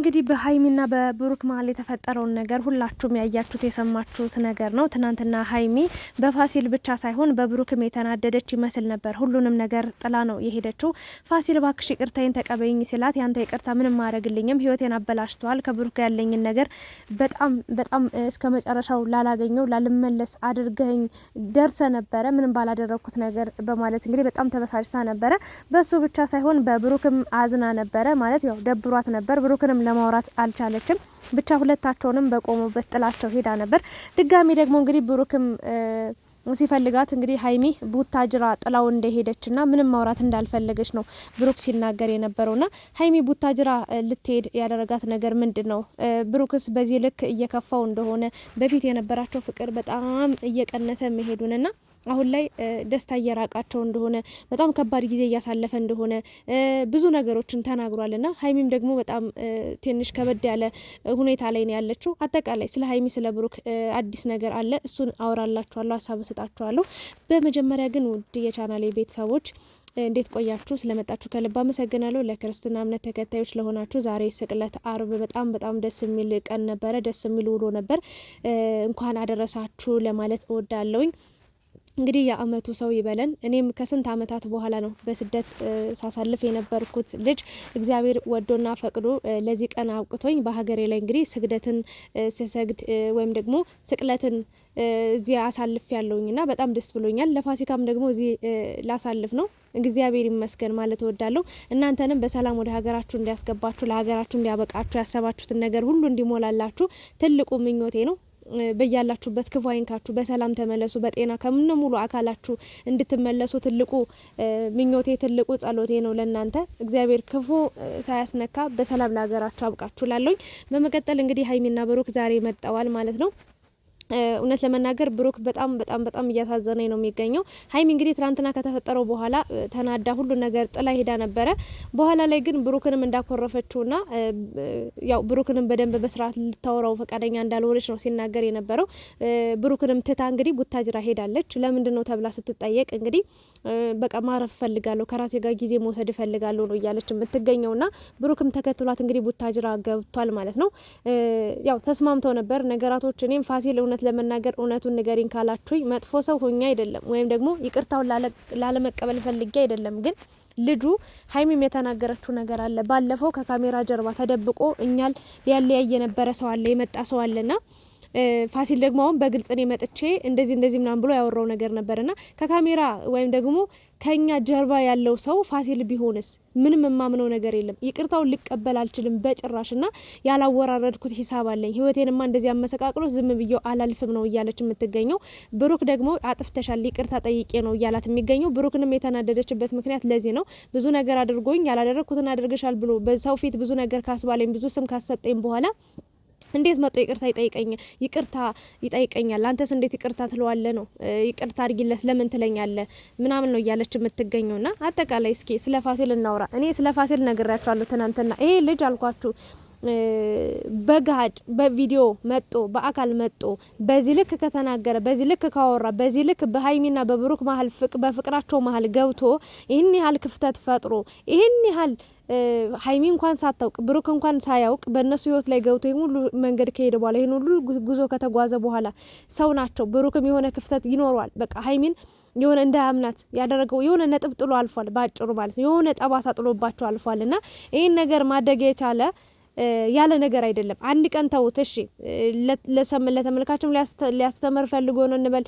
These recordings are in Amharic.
እንግዲህ በሀይሚና በብሩክ መሀል የተፈጠረውን ነገር ሁላችሁም ያያችሁት የሰማችሁት ነገር ነው። ትናንትና ሀይሚ በፋሲል ብቻ ሳይሆን በብሩክም የተናደደች ይመስል ነበር። ሁሉንም ነገር ጥላ ነው የሄደችው። ፋሲል ባክሽ ይቅርታዬን ተቀበይኝ ሲላት ያንተ ይቅርታ ምንም ማድረግልኝም፣ ህይወቴን አበላሽተዋል፣ ከብሩክ ያለኝን ነገር በጣም በጣም እስከ መጨረሻው ላላገኘው ላልመለስ አድርገኝ ደርሰ ነበረ ምንም ባላደረግኩት ነገር በማለት እንግዲህ በጣም ተበሳጭታ ነበረ። በሱ ብቻ ሳይሆን በብሩክም አዝና ነበረ ማለት ያው ደብሯት ነበር ብሩክንም ለማውራት አልቻለችም። ብቻ ሁለታቸውንም በቆሙበት ጥላቸው ሄዳ ነበር። ድጋሚ ደግሞ እንግዲህ ብሩክም ሲፈልጋት እንግዲህ ሀይሚ ቡታጅራ ጥላው እንደሄደችና ምንም ማውራት እንዳልፈለገች ነው ብሩክ ሲናገር የነበረውና ሀይሚ ቡታ ጅራ ልትሄድ ያደረጋት ነገር ምንድን ነው? ብሩክስ በዚህ ልክ እየከፋው እንደሆነ በፊት የነበራቸው ፍቅር በጣም እየቀነሰ መሄዱንና አሁን ላይ ደስታ እየራቃቸው እንደሆነ በጣም ከባድ ጊዜ እያሳለፈ እንደሆነ ብዙ ነገሮችን ተናግሯል ና ሀይሚም ደግሞ በጣም ትንሽ ከበድ ያለ ሁኔታ ላይ ነው ያለችው። አጠቃላይ ስለ ሀይሚ ስለ ብሩክ አዲስ ነገር አለ፣ እሱን አወራላችኋለሁ፣ ሀሳብ እሰጣችኋለሁ። በመጀመሪያ ግን ውድ የቻናሌ ቤተሰቦች እንዴት ቆያችሁ? ስለመጣችሁ ከልብ አመሰግናለሁ። ለክርስትና እምነት ተከታዮች ለሆናችሁ ዛሬ ስቅለት አርብ በጣም በጣም ደስ የሚል ቀን ነበረ። ደስ የሚል ውሎ ነበር። እንኳን አደረሳችሁ ለማለት እወዳለውኝ። እንግዲህ የአመቱ ሰው ይበለን። እኔም ከስንት አመታት በኋላ ነው በስደት ሳሳልፍ የነበርኩት ልጅ እግዚአብሔር ወዶና ፈቅዶ ለዚህ ቀን አውቅቶኝ በሀገሬ ላይ እንግዲህ ስግደትን ስሰግድ ወይም ደግሞ ስቅለትን እዚህ አሳልፍ ያለውኝ ና በጣም ደስ ብሎኛል። ለፋሲካም ደግሞ እዚህ ላሳልፍ ነው። እግዚአብሔር ይመስገን ማለት እወዳለሁ። እናንተንም በሰላም ወደ ሀገራችሁ እንዲያስገባችሁ፣ ለሀገራችሁ እንዲያበቃችሁ፣ ያሰባችሁትን ነገር ሁሉ እንዲሞላላችሁ ትልቁ ምኞቴ ነው። በያላችሁበት ክፉ አይንካችሁ፣ በሰላም ተመለሱ፣ በጤና ከምነ ሙሉ አካላችሁ እንድትመለሱ ትልቁ ምኞቴ፣ ትልቁ ጸሎቴ ነው ለእናንተ። እግዚአብሔር ክፉ ሳያስነካ በሰላም ለሀገራችሁ አብቃችሁ ላለኝ። በመቀጠል እንግዲህ ሀይሚና ብሩክ ዛሬ መጠዋል ማለት ነው። እውነት ለመናገር ብሩክ በጣም በጣም በጣም እያሳዘነኝ ነው የሚገኘው። ሀይሚ እንግዲህ ትናንትና ከተፈጠረው በኋላ ተናዳ ሁሉ ነገር ጥላ ሄዳ ነበረ። በኋላ ላይ ግን ብሩክንም እንዳኮረፈችውና ያው ብሩክንም በደንብ በስርዓት ልታወራው ፈቃደኛ እንዳልሆነች ነው ሲናገር የነበረው። ብሩክንም ትታ እንግዲህ ቡታጅራ ሄዳለች። ለምንድን ነው ተብላ ስትጠየቅ እንግዲህ በቃ ማረፍ እፈልጋለሁ፣ ከራሴ ጋር ጊዜ መውሰድ እፈልጋለሁ ነው እያለች የምትገኘውና ብሩክም ተከትሏት እንግዲህ ቡታጅራ ገብቷል ማለት ነው። ያው ተስማምተው ነበር ነገራቶች እኔም ፋሲል እውነት እውነት ለመናገር እውነቱን ንገሪኝ ካላችሁኝ መጥፎ ሰው ሆኜ አይደለም፣ ወይም ደግሞ ይቅርታውን ላለመቀበል ፈልጌ አይደለም። ግን ልጁ ሀይሚም የተናገረችው ነገር አለ። ባለፈው ከካሜራ ጀርባ ተደብቆ እኛል ሊያለያይ የነበረ ሰው አለ፣ የመጣ ሰው አለና ፋሲል ደግሞ አሁን በግልጽ እኔ መጥቼ እንደዚህ እንደዚህ ምናምን ብሎ ያወራው ነገር ነበር ና ከካሜራ ወይም ደግሞ ከኛ ጀርባ ያለው ሰው ፋሲል ቢሆንስ ምንም የማምነው ነገር የለም። ይቅርታውን ልቀበል አልችልም በጭራሽ። ና ያላወራረድኩት ሂሳብ አለኝ ህይወቴንማ እንደዚህ አመሰቃቅሎ ዝም ብዬው አላልፍም ነው እያለች የምትገኘው። ብሩክ ደግሞ አጥፍተሻል፣ ይቅርታ ጠይቄ ነው እያላት የሚገኘው። ብሩክንም የተናደደችበት ምክንያት ለዚህ ነው። ብዙ ነገር አድርጎኝ ያላደረግኩትን አድርገሻል ብሎ በሰው ፊት ብዙ ነገር ካስባለኝ ብዙ ስም ካሰጠኝ በኋላ እንዴት መጥቶ ይቅርታ ይጠይቀኛል? ይቅርታ ይጠይቀኛል። አንተስ እንዴት ይቅርታ ትለዋለ ነው? ይቅርታ አድርጊለት ለምን ትለኛለ? ምናምን ነው እያለች የምትገኘው ና አጠቃላይ እስኪ ስለ ፋሲል እናውራ። እኔ ስለ ፋሲል ነግሬያቸዋለሁ ትናንትና። ይሄ ልጅ አልኳችሁ በጋድ በቪዲዮ መጦ በአካል መጦ በዚህ ልክ ከተናገረ በዚህ ልክ ካወራ በዚህ ልክ በሀይሚና በብሩክ መሀል በፍቅራቸው መሀል ገብቶ ይህን ያህል ክፍተት ፈጥሮ ይህን ያህል ሀይሚ እንኳን ሳታውቅ ብሩክ እንኳን ሳያውቅ በእነሱ ህይወት ላይ ገብቶ ይህን ሁሉ መንገድ ከሄደ በኋላ ይህን ሁሉ ጉዞ ከተጓዘ በኋላ ሰው ናቸው። ብሩክም የሆነ ክፍተት ይኖረዋል። በቃ ሀይሚን የሆነ እንደ አምናት ያደረገው የሆነ ነጥብ ጥሎ አልፏል። በአጭሩ ማለት የሆነ ጠባሳ ጥሎባቸው አልፏል እና ይህን ነገር ማደግ የቻለ ያለ ነገር አይደለም። አንድ ቀን ተውት እሺ። ለተመልካችም ሊያስተምር ፈልጎ ነው እንበል፣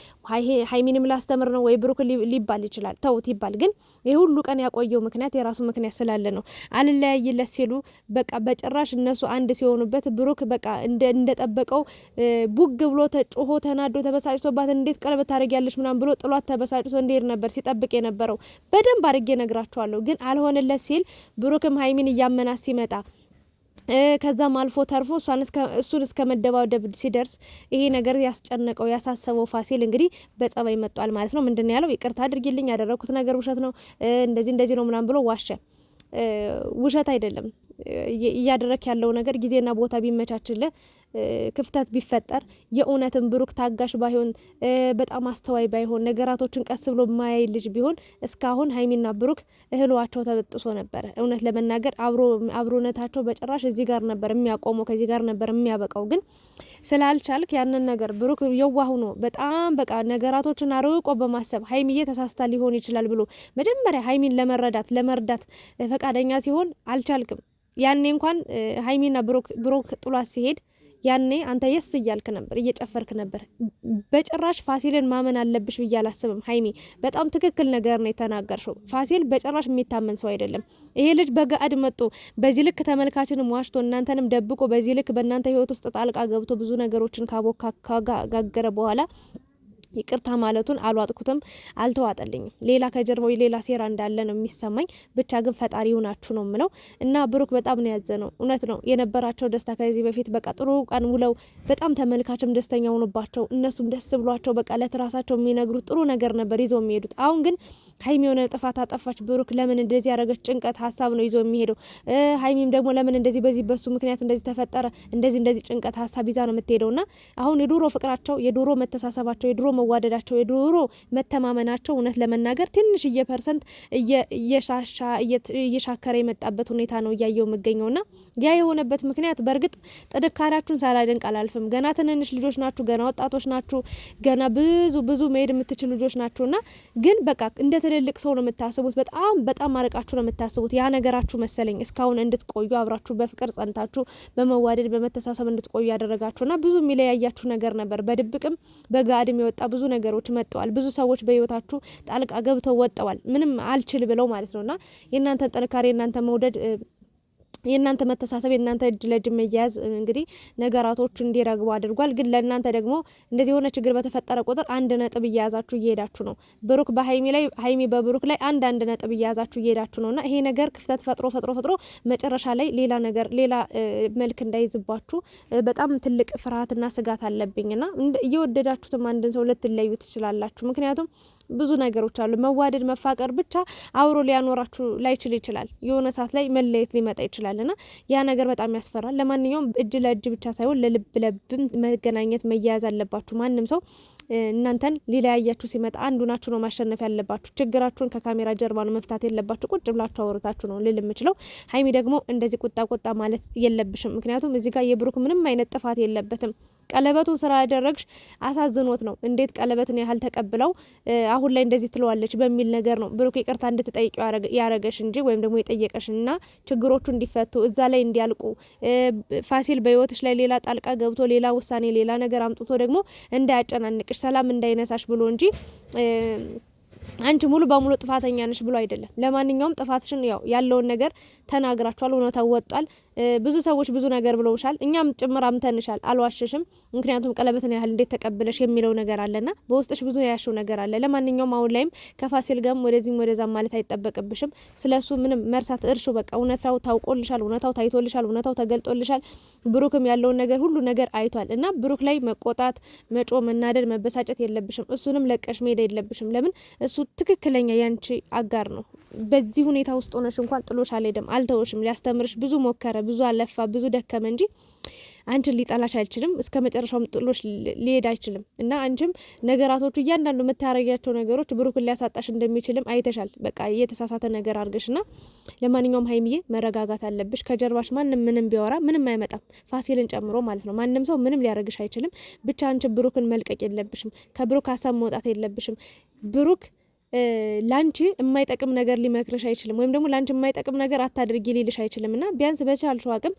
ሀይሚንም ላስተምር ነው ወይ ብሩክ ሊባል ይችላል። ተውት ይባል። ግን ይህ ሁሉ ቀን ያቆየው ምክንያት የራሱ ምክንያት ስላለ ነው። አልለያይለት ሲሉ በቃ በጭራሽ እነሱ አንድ ሲሆኑበት ብሩክ በቃ እንደጠበቀው ቡግ ብሎ ተጮሆ ተናዶ ተበሳጭቶባት እንዴት ቀለበት ታደርጊያለሽ ምናምን ብሎ ጥሏት ተበሳጭቶ እንዲሄድ ነበር ሲጠብቅ የነበረው። በደንብ አድርጌ ነግራቸዋለሁ። ግን አልሆነለት ሲል ብሩክም ሀይሚን እያመናት ሲመጣ ከዛም አልፎ ተርፎ እሱን እስከ መደባደብ ሲደርስ ይሄ ነገር ያስጨነቀው ያሳሰበው ፋሲል እንግዲህ በጸባይ መጧል ማለት ነው። ምንድን ያለው ይቅርታ አድርጊልኝ፣ ያደረግኩት ነገር ውሸት ነው፣ እንደዚህ እንደዚህ ነው ምናምን ብሎ ዋሸ። ውሸት አይደለም እያደረክ ያለው ነገር ጊዜና ቦታ ቢመቻችለ ክፍተት ቢፈጠር የእውነትን ብሩክ ታጋሽ ባይሆን በጣም አስተዋይ ባይሆን ነገራቶችን ቀስ ብሎ ማያይ ልጅ ቢሆን እስካሁን ሀይሚና ብሩክ እህልዋቸው ተበጥሶ ነበረ። እውነት ለመናገር አብሮነታቸው በጭራሽ እዚህ ጋር ነበር የሚያቆመው፣ ከዚህ ጋር ነበር የሚያበቃው። ግን ስላልቻልክ ያንን ነገር ብሩክ የዋህ ሆኖ በጣም በቃ ነገራቶችን አርቆ በማሰብ ሀይሚዬ ተሳስታ ሊሆን ይችላል ብሎ መጀመሪያ ሀይሚን ለመረዳት ለመርዳት ፈቃደኛ ሲሆን አልቻልክም። ያኔ እንኳን ሀይሚና ብሩክ ጥሏት ሲሄድ ያኔ አንተ የስ እያልክ ነበር፣ እየጨፈርክ ነበር። በጭራሽ ፋሲልን ማመን አለብሽ ብዬ አላስብም ሀይሚ። በጣም ትክክል ነገር ነው የተናገርሽው። ፋሲል በጭራሽ የሚታመን ሰው አይደለም። ይሄ ልጅ በገአድ መጡ በዚህ ልክ ተመልካችንም ዋሽቶ እናንተንም ደብቆ በዚህ ልክ በእናንተ ህይወት ውስጥ ጣልቃ ገብቶ ብዙ ነገሮችን ካቦካ ካጋገረ በኋላ ይቅርታ ማለቱን አልዋጥኩትም፣ አልተዋጠልኝም። ሌላ ከጀርባው ሌላ ሴራ እንዳለ ነው የሚሰማኝ። ብቻ ግን ፈጣሪ ይሁናችሁ ነው ምለው እና ብሩክ በጣም ነው ነው። እውነት ነው የነበራቸው ደስታ ከዚህ በፊት በቃ ጥሩ ቀን ውለው በጣም ተመልካችም ደስተኛ ሆኖባቸው እነሱም ደስ ብሏቸው በቃ ለትራሳቸው የሚነግሩት ጥሩ ነገር ነበር ይዘው የሚሄዱት። አሁን ግን ሀይሚ የሆነ ጥፋት አጠፋች፣ ብሩክ ለምን እንደዚህ ያደረገች ጭንቀት ሀሳብ ነው ይዞ የሚሄደው። ሀይሚም ደግሞ ለምን እንደዚህ በዚህ በሱ ምክንያት እንደዚህ ተፈጠረ፣ እንደዚህ እንደዚህ ጭንቀት ሀሳብ ይዛ ነው የምትሄደው ና አሁን የድሮ ፍቅራቸው፣ የድሮ መተሳሰባቸው፣ የድሮ መዋደዳቸው፣ የድሮ መተማመናቸው እውነት ለመናገር ትንሽ እየፐርሰንት እየሻሻ እየሻከረ የመጣበት ሁኔታ ነው እያየው የምገኘው ና ያ የሆነበት ምክንያት በእርግጥ ጥንካሬያችሁን ሳላደንቅ አላልፍም። ገና ትንንሽ ልጆች ናችሁ፣ ገና ወጣቶች ናችሁ፣ ገና ብዙ ብዙ መሄድ የምትችል ልጆች ናችሁ ና ግን በቃ እንደ ትልልቅ ሰው ነው የምታስቡት። በጣም በጣም አርቃችሁ ነው የምታስቡት። ያ ነገራችሁ መሰለኝ እስካሁን እንድትቆዩ አብራችሁ በፍቅር ጸንታችሁ በመዋደድ በመተሳሰብ እንድትቆዩ ያደረጋችሁና ብዙ የሚለያያችሁ ነገር ነበር። በድብቅም በጋድም የወጣ ብዙ ነገሮች መጥተዋል። ብዙ ሰዎች በህይወታችሁ ጣልቃ ገብተው ወጠዋል ምንም አልችል ብለው ማለት ነውና የእናንተን ጥንካሬ የእናንተ መውደድ የእናንተ መተሳሰብ የእናንተ እጅ ለእጅ መያያዝ እንግዲህ ነገራቶች እንዲረግቡ አድርጓል። ግን ለእናንተ ደግሞ እንደዚህ የሆነ ችግር በተፈጠረ ቁጥር አንድ ነጥብ እየያዛችሁ እየሄዳችሁ ነው። ብሩክ በሀይሚ ላይ፣ ሀይሚ በብሩክ ላይ አንድ አንድ ነጥብ እየያዛችሁ እየሄዳችሁ ነውና ይሄ ነገር ክፍተት ፈጥሮ ፈጥሮ ፈጥሮ መጨረሻ ላይ ሌላ ነገር ሌላ መልክ እንዳይዝባችሁ በጣም ትልቅ ፍርሃትና ስጋት አለብኝና እየወደዳችሁትም አንድን ሰው ልትለዩ ትችላላችሁ። ምክንያቱም ብዙ ነገሮች አሉ። መዋደድ መፋቀር ብቻ አብሮ ሊያኖራችሁ ላይችል ይችላል። የሆነ ሰዓት ላይ መለየት ሊመጣ ይችላል እና ያ ነገር በጣም ያስፈራል። ለማንኛውም እጅ ለእጅ ብቻ ሳይሆን ለልብ ለብም መገናኘት መያያዝ አለባችሁ። ማንም ሰው እናንተን ሊለያያችሁ ሲመጣ አንዱ ናችሁ ነው ማሸነፍ ያለባችሁ። ችግራችሁን ከካሜራ ጀርባ ነው መፍታት የለባችሁ። ቁጭ ብላችሁ አውርታችሁ ነው ልል የምችለው። ሀይሚ ደግሞ እንደዚህ ቁጣ ቁጣ ማለት የለብሽም። ምክንያቱም እዚህ ጋር የብሩክ ምንም አይነት ጥፋት የለበትም። ቀለበቱን ስራ ያደረግሽ አሳዝኖት ነው። እንዴት ቀለበትን ያህል ተቀብለው አሁን ላይ እንደዚህ ትለዋለች በሚል ነገር ነው ብሩክ ይቅርታ እንድትጠይቂው ያረገሽ እንጂ ወይም ደግሞ የጠየቀሽ እና ችግሮቹ እንዲፈቱ እዛ ላይ እንዲያልቁ ፋሲል በህይወትሽ ላይ ሌላ ጣልቃ ገብቶ ሌላ ውሳኔ ሌላ ነገር አምጥቶ ደግሞ እንዳያጨናንቅ ሲጠይቅሽ ሰላም እንዳይነሳሽ ብሎ እንጂ አንቺ ሙሉ በሙሉ ጥፋተኛ ነሽ ብሎ አይደለም። ለማንኛውም ጥፋትሽን ያው ያለውን ነገር ተናግራችኋል፣ እውነታው ወጧል። ብዙ ሰዎች ብዙ ነገር ብለውሻል፣ እኛም ጭምር አምተንሻል፣ አልዋሸሽም። ምክንያቱም ቀለበትን ያህል እንዴት ተቀብለሽ የሚለው ነገር አለና በውስጥሽ ብዙ ያሽው ነገር አለ። ለማንኛውም አሁን ላይም ከፋሲል ጋርም ወደዚህም ወደዛ ማለት አይጠበቅብሽም። ስለሱ ምንም መርሳት እርሹ። በቃ እውነታው ታውቆልሻል፣ እውነታው ታይቶልሻል፣ እውነታው ተገልጦልሻል። ብሩክም ያለውን ነገር ሁሉ ነገር አይቷል እና ብሩክ ላይ መቆጣት፣ መጮ፣ መናደድ፣ መበሳጨት የለብሽም። እሱንም ለቀሽ መሄድ የለብሽም። ለምን እሱ ትክክለኛ ያንቺ አጋር ነው። በዚህ ሁኔታ ውስጥ ሆነሽ እንኳን ጥሎሽ አልሄደም፣ አልተወሽም። ሊያስተምርሽ ብዙ ሞከረ ብዙ አለፋ፣ ብዙ ደከመ እንጂ አንቺን ሊጠላሽ አይችልም። እስከ መጨረሻውም ጥሎሽ ሊሄድ አይችልም እና አንቺም ነገራቶቹ እያንዳንዱ የምታረጊያቸው ነገሮች ብሩክን ሊያሳጣሽ እንደሚችልም አይተሻል። በቃ የተሳሳተ ነገር አድርገሽ ና ለማንኛውም ሀይሚዬ መረጋጋት አለብሽ። ከጀርባሽ ማንም ምንም ቢያወራ ምንም አይመጣም፣ ፋሲልን ጨምሮ ማለት ነው። ማንም ሰው ምንም ሊያደርግሽ አይችልም። ብቻ አንቺ ብሩክን መልቀቅ የለብሽም። ከብሩክ ሀሳብ መውጣት የለብሽም። ብሩክ ላንቺ የማይጠቅም ነገር ሊመክርሽ አይችልም፣ ወይም ደግሞ ላንቺ የማይጠቅም ነገር አታድርጊ ሊልሽ አይችልም። እና ቢያንስ በቻልሽው አቅም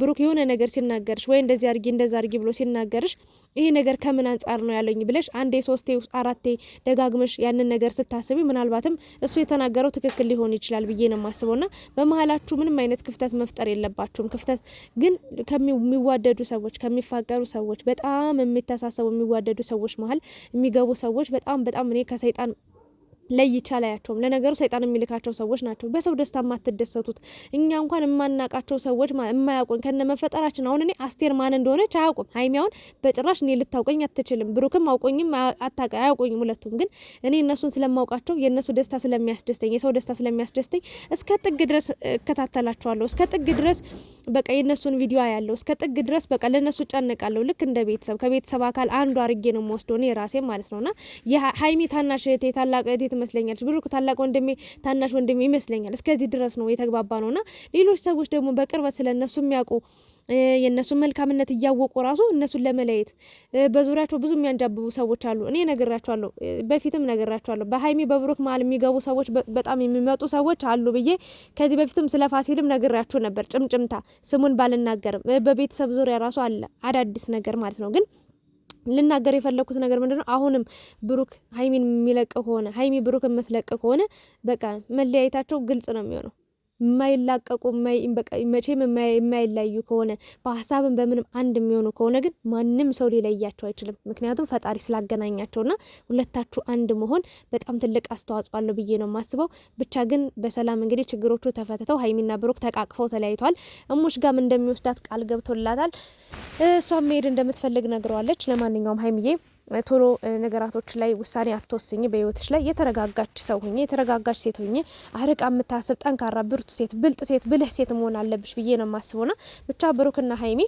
ብሩክ የሆነ ነገር ሲናገርሽ ወይ እንደዚህ አርጊ እንደዛ አርጊ ብሎ ሲናገርሽ ይሄ ነገር ከምን አንጻር ነው ያለኝ ብለሽ አንዴ ሶስቴ አራቴ ደጋግመሽ ያንን ነገር ስታስቢ ምናልባትም እሱ የተናገረው ትክክል ሊሆን ይችላል ብዬ ነው የማስበው። ና በመሀላችሁ ምንም አይነት ክፍተት መፍጠር የለባችሁም። ክፍተት ግን ከሚዋደዱ ሰዎች ከሚፋቀሩ ሰዎች በጣም የሚተሳሰቡ የሚዋደዱ ሰዎች መሀል የሚገቡ ሰዎች በጣም በጣም እኔ ከሰይጣን ለይቼ አላያቸውም። ለነገሩ ሰይጣን የሚልካቸው ሰዎች ናቸው። በሰው ደስታ የማትደሰቱት እኛ እንኳን የማናቃቸው ሰዎች የማያውቁን ከነ መፈጠራችን። አሁን እኔ አስቴር ማን እንደሆነች አያውቁም። ሀይሚያውን በጭራሽ እኔ ልታውቀኝ አትችልም። ብሩክም አውቆኝም አታቀ አያውቆኝም። ሁለቱም ግን እኔ እነሱን ስለማውቃቸው የእነሱ ደስታ ስለሚያስደስተኝ፣ የሰው ደስታ ስለሚያስደስተኝ እስከ ጥግ ድረስ እከታተላቸዋለሁ እስከ ጥግ ድረስ በቃ የእነሱን ቪዲዮ ያለው እስከ ጥግ ድረስ በቃ ለእነሱ ጨንቃለሁ። ልክ እንደ ቤተሰብ ከቤተሰብ አካል አንዱ አርጌ ነው የምወስደው እኔ ራሴ ማለት ነውና የሀይሚ ታናሽ እህቴ ታላቅ እህቴ ትመስለኛለች፣ ብሩክ ታላቅ ወንድሜ ታናሽ ወንድሜ ይመስለኛል። እስከዚህ ድረስ ነው የተግባባ ነውና ሌሎች ሰዎች ደግሞ በቅርበት ስለነሱ የሚያውቁ የእነሱን መልካምነት እያወቁ ራሱ እነሱን ለመለየት በዙሪያቸው ብዙ የሚያንጃብቡ ሰዎች አሉ። እኔ ነግራቸዋለሁ፣ በፊትም ነግራቸዋለሁ። በሀይሚ በብሩክ መሀል የሚገቡ ሰዎች፣ በጣም የሚመጡ ሰዎች አሉ ብዬ ከዚህ በፊትም ስለ ፋሲልም ነግራችሁ ነበር። ጭምጭምታ ስሙን ባልናገርም በቤተሰብ ዙሪያ ራሱ አለ አዳዲስ ነገር ማለት ነው ግን ልናገር የፈለኩት ነገር ምንድነው? አሁንም ብሩክ ሀይሚን የሚለቅ ከሆነ ሀይሚ ብሩክ የምትለቅ ከሆነ በቃ መለያየታቸው ግልጽ ነው የሚሆነው። የማይላቀቁ መቼም የማይለያዩ ከሆነ በሀሳብን በምንም አንድ የሚሆኑ ከሆነ ግን ማንም ሰው ሊለያቸው አይችልም። ምክንያቱም ፈጣሪ ስላገናኛቸውና ሁለታችሁ አንድ መሆን በጣም ትልቅ አስተዋጽኦ አለው ብዬ ነው የማስበው። ብቻ ግን በሰላም እንግዲህ ችግሮቹ ተፈትተው ሀይሚና ብሩክ ተቃቅፈው ተለያይተዋል። እሙሽ ጋም እንደሚወስዳት ቃል ገብቶላታል። እሷም መሄድ እንደምትፈልግ ነግረዋለች። ለማንኛውም ሀይሚዬ ቶሎ ነገራቶች ላይ ውሳኔ አትወስኝ። በህይወትሽ ላይ የተረጋጋች ሰው ሁኜ የተረጋጋች ሴት ሁኜ አርቃ የምታስብ ጠንካራ ብርቱ ሴት፣ ብልጥ ሴት፣ ብልህ ሴት መሆን አለብሽ ብዬ ነው የማስበው። ና ብቻ ብሩክና ሀይሚ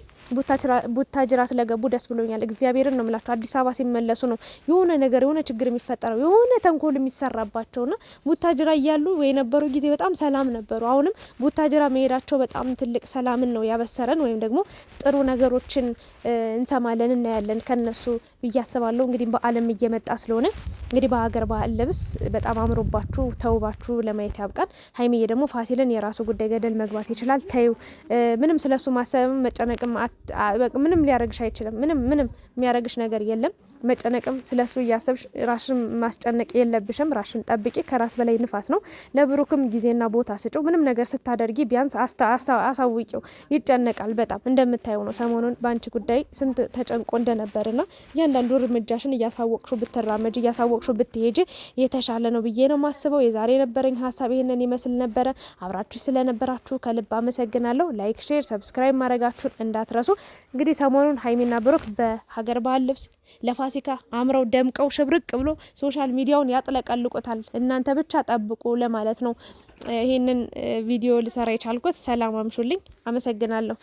ቡታጅራ ስለገቡ ደስ ብሎኛል። እግዚአብሔርን ነው ምላቸው። አዲስ አበባ ሲመለሱ ነው የሆነ ነገር የሆነ ችግር የሚፈጠረው የሆነ ተንኮል የሚሰራባቸው። ና ቡታጅራ እያሉ የነበሩ ጊዜ በጣም ሰላም ነበሩ። አሁንም ቡታጅራ መሄዳቸው በጣም ትልቅ ሰላምን ነው ያበሰረን፣ ወይም ደግሞ ጥሩ ነገሮችን እንሰማለን እናያለን ከነሱ ብዬ አስባለሁ። አስባለሁ። እንግዲህ በዓለም እየመጣ ስለሆነ እንግዲህ በሀገር ባህል ልብስ በጣም አምሮባችሁ ተውባችሁ ለማየት ያብቃል። ሀይሚዬ ደግሞ ፋሲልን የራሱ ጉዳይ ገደል መግባት ይችላል። ተዩ ምንም ስለሱ ማሰብም መጨነቅም ምንም ሊያረግሽ አይችልም። ምንም ምንም የሚያረግሽ ነገር የለም። መጨነቅም ስለሱ እያሰብሽ ራሽን ማስጨነቅ የለብሽም። ራሽን ጠብቂ። ከራስ በላይ ንፋስ ነው። ለብሩክም ጊዜና ቦታ ስጭው። ምንም ነገር ስታደርጊ ቢያንስ አሳውቂው። ይጨነቃል በጣም እንደምታየው ነው። ሰሞኑን በአንቺ ጉዳይ ስንት ተጨንቆ እንደነበርና እያንዳንዱ እርምጃሽን እያሳወቅሹ ብትራመጅ እያሳወቅሹ ብትሄጅ የተሻለ ነው ብዬ ነው ማስበው። የዛሬ የነበረኝ ሀሳብ ይህንን ይመስል ነበረ። አብራችሁ ስለነበራችሁ ከልብ አመሰግናለሁ። ላይክ፣ ሼር፣ ሰብስክራይብ ማድረጋችሁን እንዳትረሱ። እንግዲህ ሰሞኑን ሀይሚና ብሩክ በሀገር ባህል ልብስ ለፋሲካ አምረው ደምቀው ሽብርቅ ብሎ ሶሻል ሚዲያውን ያጥለቀልቁታል። እናንተ ብቻ ጠብቁ ለማለት ነው ይህንን ቪዲዮ ልሰራ የቻልኩት። ሰላም አምሹልኝ። አመሰግናለሁ።